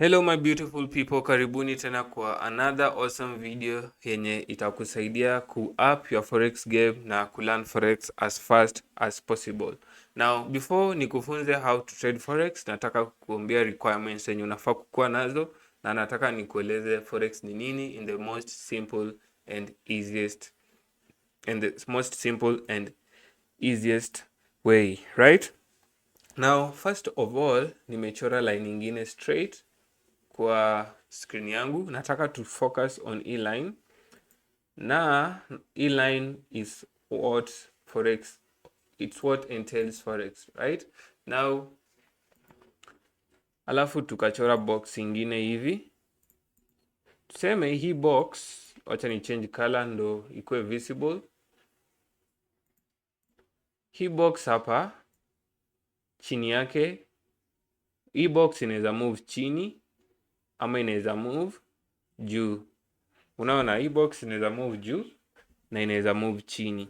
Hello my beautiful people, karibuni tena kwa another awesome video yenye itakusaidia ku up your forex game na ku learn forex as fast as possible. Now before nikufunze how to trade forex, nataka kukuambia requirements yenye unafaa kukuwa nazo na nataka nikueleze forex ni nini in the most simple and easiest in the most simple and easiest way, right? Now first of all, nimechora line nyingine straight kwa screen yangu. Nataka to focus on E-line na E-line is what forex, it's what entails forex right now. Alafu tukachora box ingine hivi, tuseme hii box, wacha ni change color ndo ikuwe visible. Hii box hapa chini yake, hii box inaweza move chini ama inaweza move juu. Unaona hii box inaweza move juu na inaweza move chini.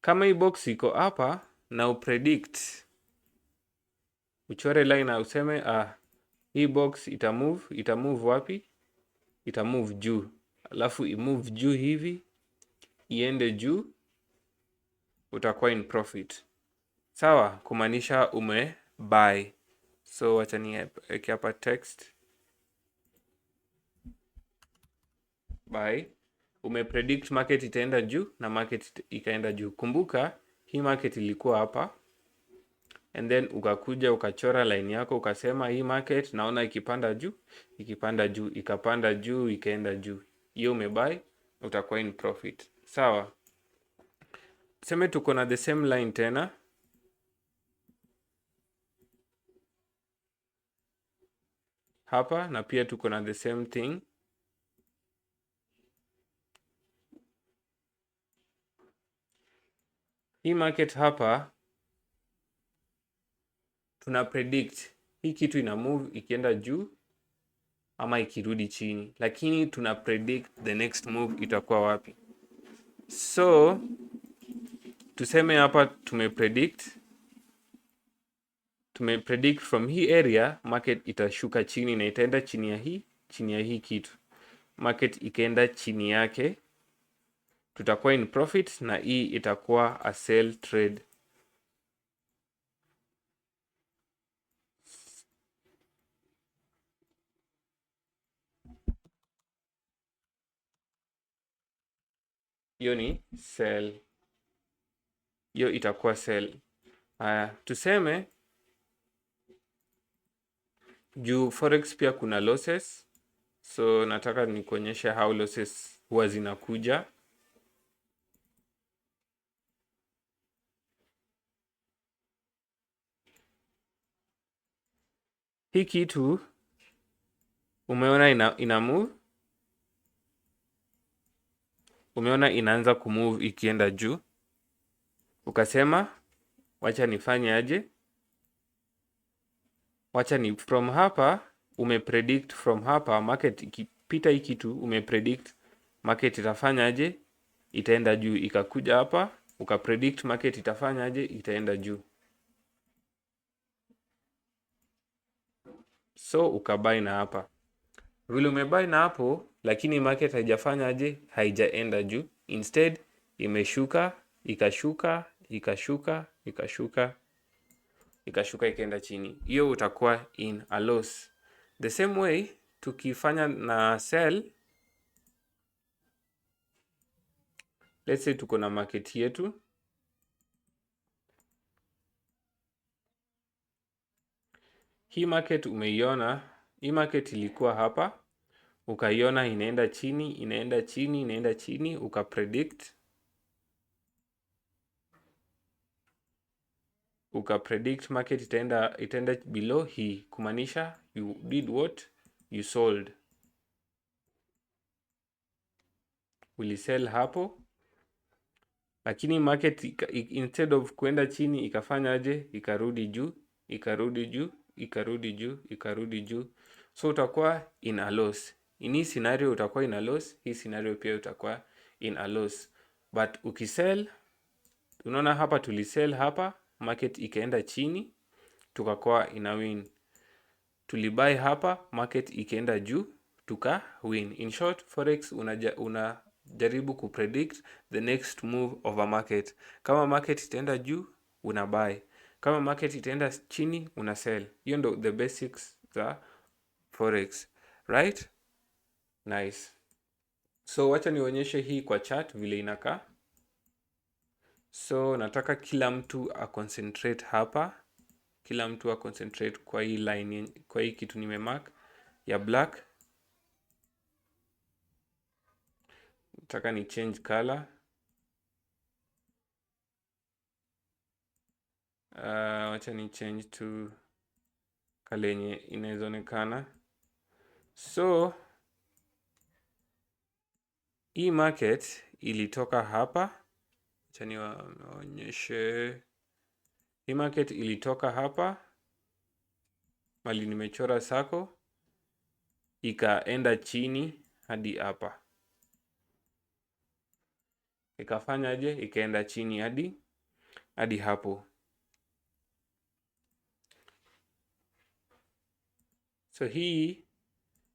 Kama hii box iko hapa na upredict, uchore line na useme ah, hii box ita move, ita move wapi? Ita move juu, alafu move juu hivi iende juu, utakuwa in profit. Sawa, kumaanisha ume buy so wacha niweke hapa text buy. Umepredict market itaenda juu na market ikaenda juu. Kumbuka hii market ilikuwa hapa and then ukakuja ukachora line yako ukasema, hii market naona ikipanda juu, ikipanda juu, ikapanda juu, ikaenda juu, hiyo umebuy, utakuwa in profit. Sawa, tuseme tuko na the same line tena hapa na pia tuko na the same thing hii market hapa tuna predict hii kitu ina move ikienda juu ama ikirudi chini, lakini tuna predict the next move itakuwa wapi. So tuseme hapa tumepredict tumepredict from hii area market itashuka chini na itaenda chini ya hii chini ya hii kitu. Market ikaenda chini yake, tutakuwa in profit na hii itakuwa a sell trade. Hiyo ni sell, hiyo itakuwa sell. Haya, tuseme juu forex pia kuna losses, so nataka nikuonyeshe how losses huwa zinakuja. Hii kitu umeona ina, ina move umeona inaanza kumove ikienda juu, ukasema wacha nifanye aje wacha ni from hapa umepredict from hapa market ikipita hii kitu umepredict market itafanyaje, itaenda juu. Ikakuja hapa ukapredict market itafanyaje, itaenda juu. So ukabai na hapa vile umebai na hapo, lakini market haijafanyaje, haijaenda juu, instead imeshuka, ikashuka, ikashuka, ikashuka ikashuka ikaenda chini, hiyo utakuwa in a loss. The same way tukifanya na sell, let's say tuko na market yetu hii market umeiona, hii market ilikuwa hapa, ukaiona inaenda chini, inaenda chini, inaenda chini, ukapredict uka predict market itaenda itaenda below hii, kumaanisha you did what you sold, ulisell hapo. Lakini market instead of kuenda chini ikafanyaje? Ikarudi juu, ikarudi juu, ikarudi juu, ikarudi juu, so utakuwa in a loss. In hii scenario utakuwa in a loss, hii scenario pia utakuwa in a loss, but ukisell, unaona hapa tulisell hapa market ikaenda chini tukakuwa ina win. Tulibuy hapa market ikaenda juu tuka win. In short, forex unaja, unajaribu kupredict the next move of a market. Kama market itaenda juu una buy, kama market itaenda chini una sell. Hiyo ndo the basics za forex, right? Nice. So wacha nionyeshe hii kwa chart vile inakaa. So nataka kila mtu aconcentrate hapa, kila mtu aconcentrate kwa hii line, kwa hii kitu nimemark ya black. Nataka ni change color. Uh, wacha ni change to kale yenye inawezaonekana. So hii market ilitoka hapa Acha niwaonyeshe hii market ilitoka hapa mali nimechora sako, ikaenda chini hadi hapa, ikafanyaje? Ikaenda chini hadi hadi hapo. So hii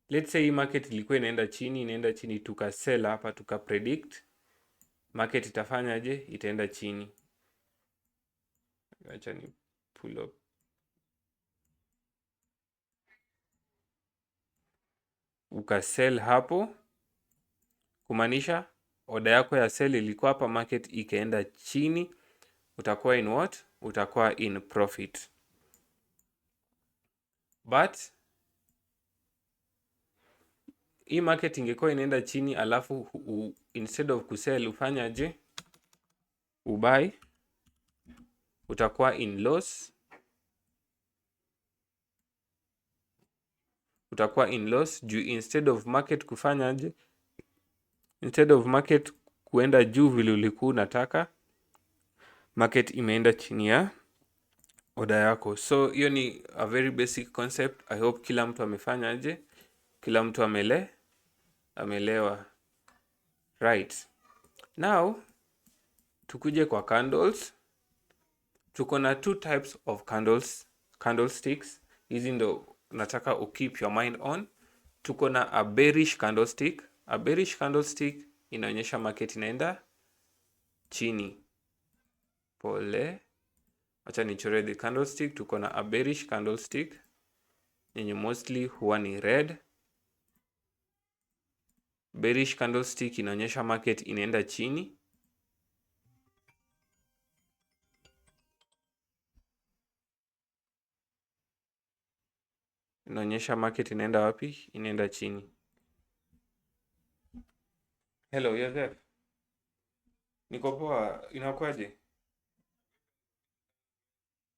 let's say hii market ilikuwa inaenda chini, inaenda chini, tukasell hapa, tukapredict market itafanyaje? Itaenda chini. Acha ni pull up sell hapo, kumaanisha oda yako ya sell ilikuwa hapa, market ikaenda chini, utakuwa in what? Utakuwa in profit but hii market ingekuwa inaenda chini, alafu u, instead of kusell ufanyaje? Ubai, utakuwa in loss, utakuwa in loss juu instead of market kufanyaje? Instead of market kuenda juu vile ulikuwa unataka, market imeenda chini ya oda yako. So hiyo ni a very basic concept. I hope kila mtu amefanyaje kila mtu amele amelewa right. Now tukuje kwa candles, tuko na two types of candles, candlesticks. Hizi ndo nataka u keep your mind on. Tuko na a bearish candlestick. A bearish candlestick inaonyesha market inaenda chini pole. Acha nichore the candlestick. Tuko na a bearish candlestick yenye mostly huwa ni red Bearish candlestick inaonyesha market inaenda chini. Inaonyesha market inaenda wapi? Inaenda chini. Hello, you're there? Niko poa, inakuwaje?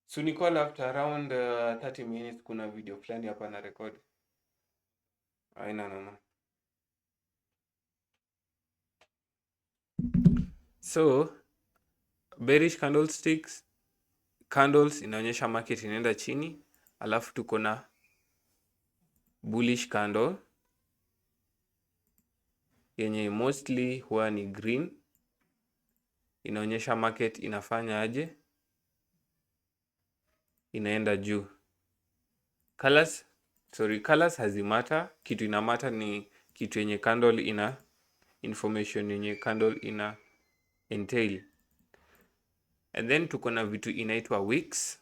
So niko after around uh, 30 minutes kuna video fulani hapa na record. Aina no So bearish candlesticks, candles inaonyesha market inaenda chini, alafu tuko na bullish candle yenye mostly huwa ni green, inaonyesha market inafanya aje, inaenda juu. Colors, sorry, colors hazimata, kitu inamata ni kitu yenye candle ina information yenye candle ina entail. And then tuko na vitu inaitwa weeks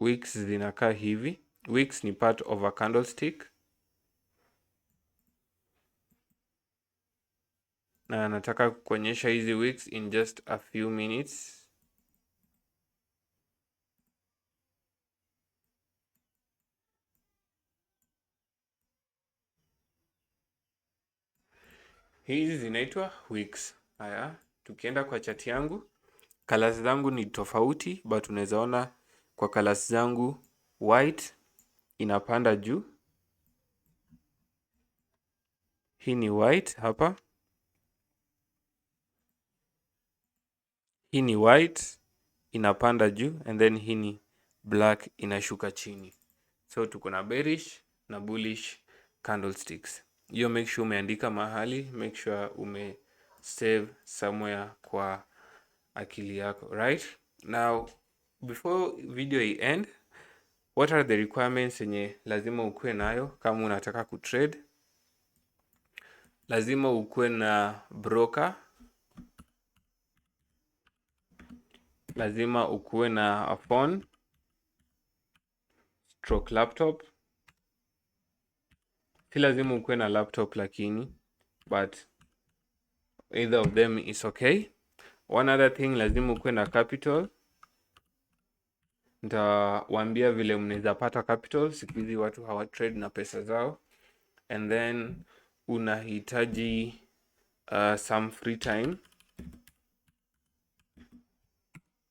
weeks zinakaa hivi. Weeks ni part of a candlestick na nataka kuonyesha hizi weeks in just a few minutes. Hizi zinaitwa weeks. Haya, tukienda kwa chati yangu, colors zangu ni tofauti, but unaweza ona kwa colors zangu white inapanda juu. Hii ni white hapa hii ni white inapanda juu and then hii ni black inashuka chini. So tuko na bearish na bullish candlesticks. Hiyo make sure umeandika mahali, make sure ume save somewhere kwa akili yako, right? Now before video i end, what are the requirements yenye lazima ukuwe nayo kama unataka kutrade? Lazima ukuwe na broker lazima ukuwe na phone stroke laptop. Si lazima ukuwe na laptop lakini, but either of them is okay. One other thing, lazima ukuwe na capital. Nitawaambia vile mnaweza pata capital. Siku hizi watu hawa trade na pesa zao, and then unahitaji uh, some free time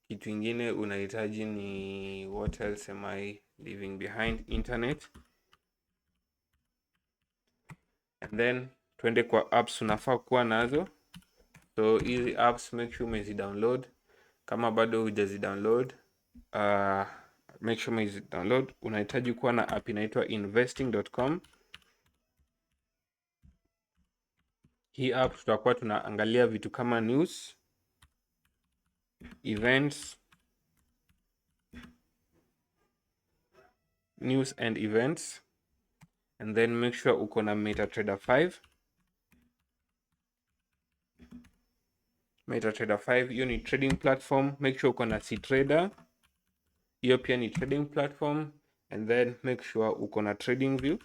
Kitu ingine unahitaji ni what else am I leaving behind internet. And then twende kwa apps unafaa kuwa nazo. So hizi apps make sure download. Kama bado hujazidownload, uh, make sure download. Unahitaji kuwa na app inaitwa investing.com. Hii app tutakuwa tunaangalia vitu kama news events news and events and then make sure uko na MetaTrader 5 MetaTrader 5 hiyo ni trading platform. Make sure uko na CTrader, hiyo pia ni trading platform, and then make sure uko na trading view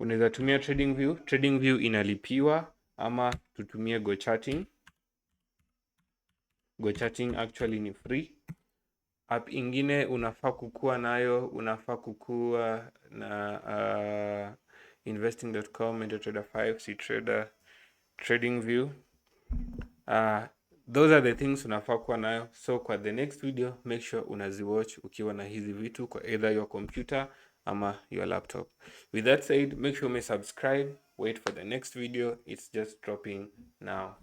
Unaweza tumia trading view trading view inalipiwa ama tutumie go chatting. Go chatting actually ni free. App ingine unafaa kukuwa nayo, unafaa kukuwa na uh, investing.com, MetaTrader 5, CTrader, TradingView. Uh, those are the things unafaa kuwa nayo. So kwa the next video make sure unaziwatch ukiwa na hizi vitu kwa either your computer ama your laptop. With that said, make sure ume subscribe wait for the next video it's just dropping now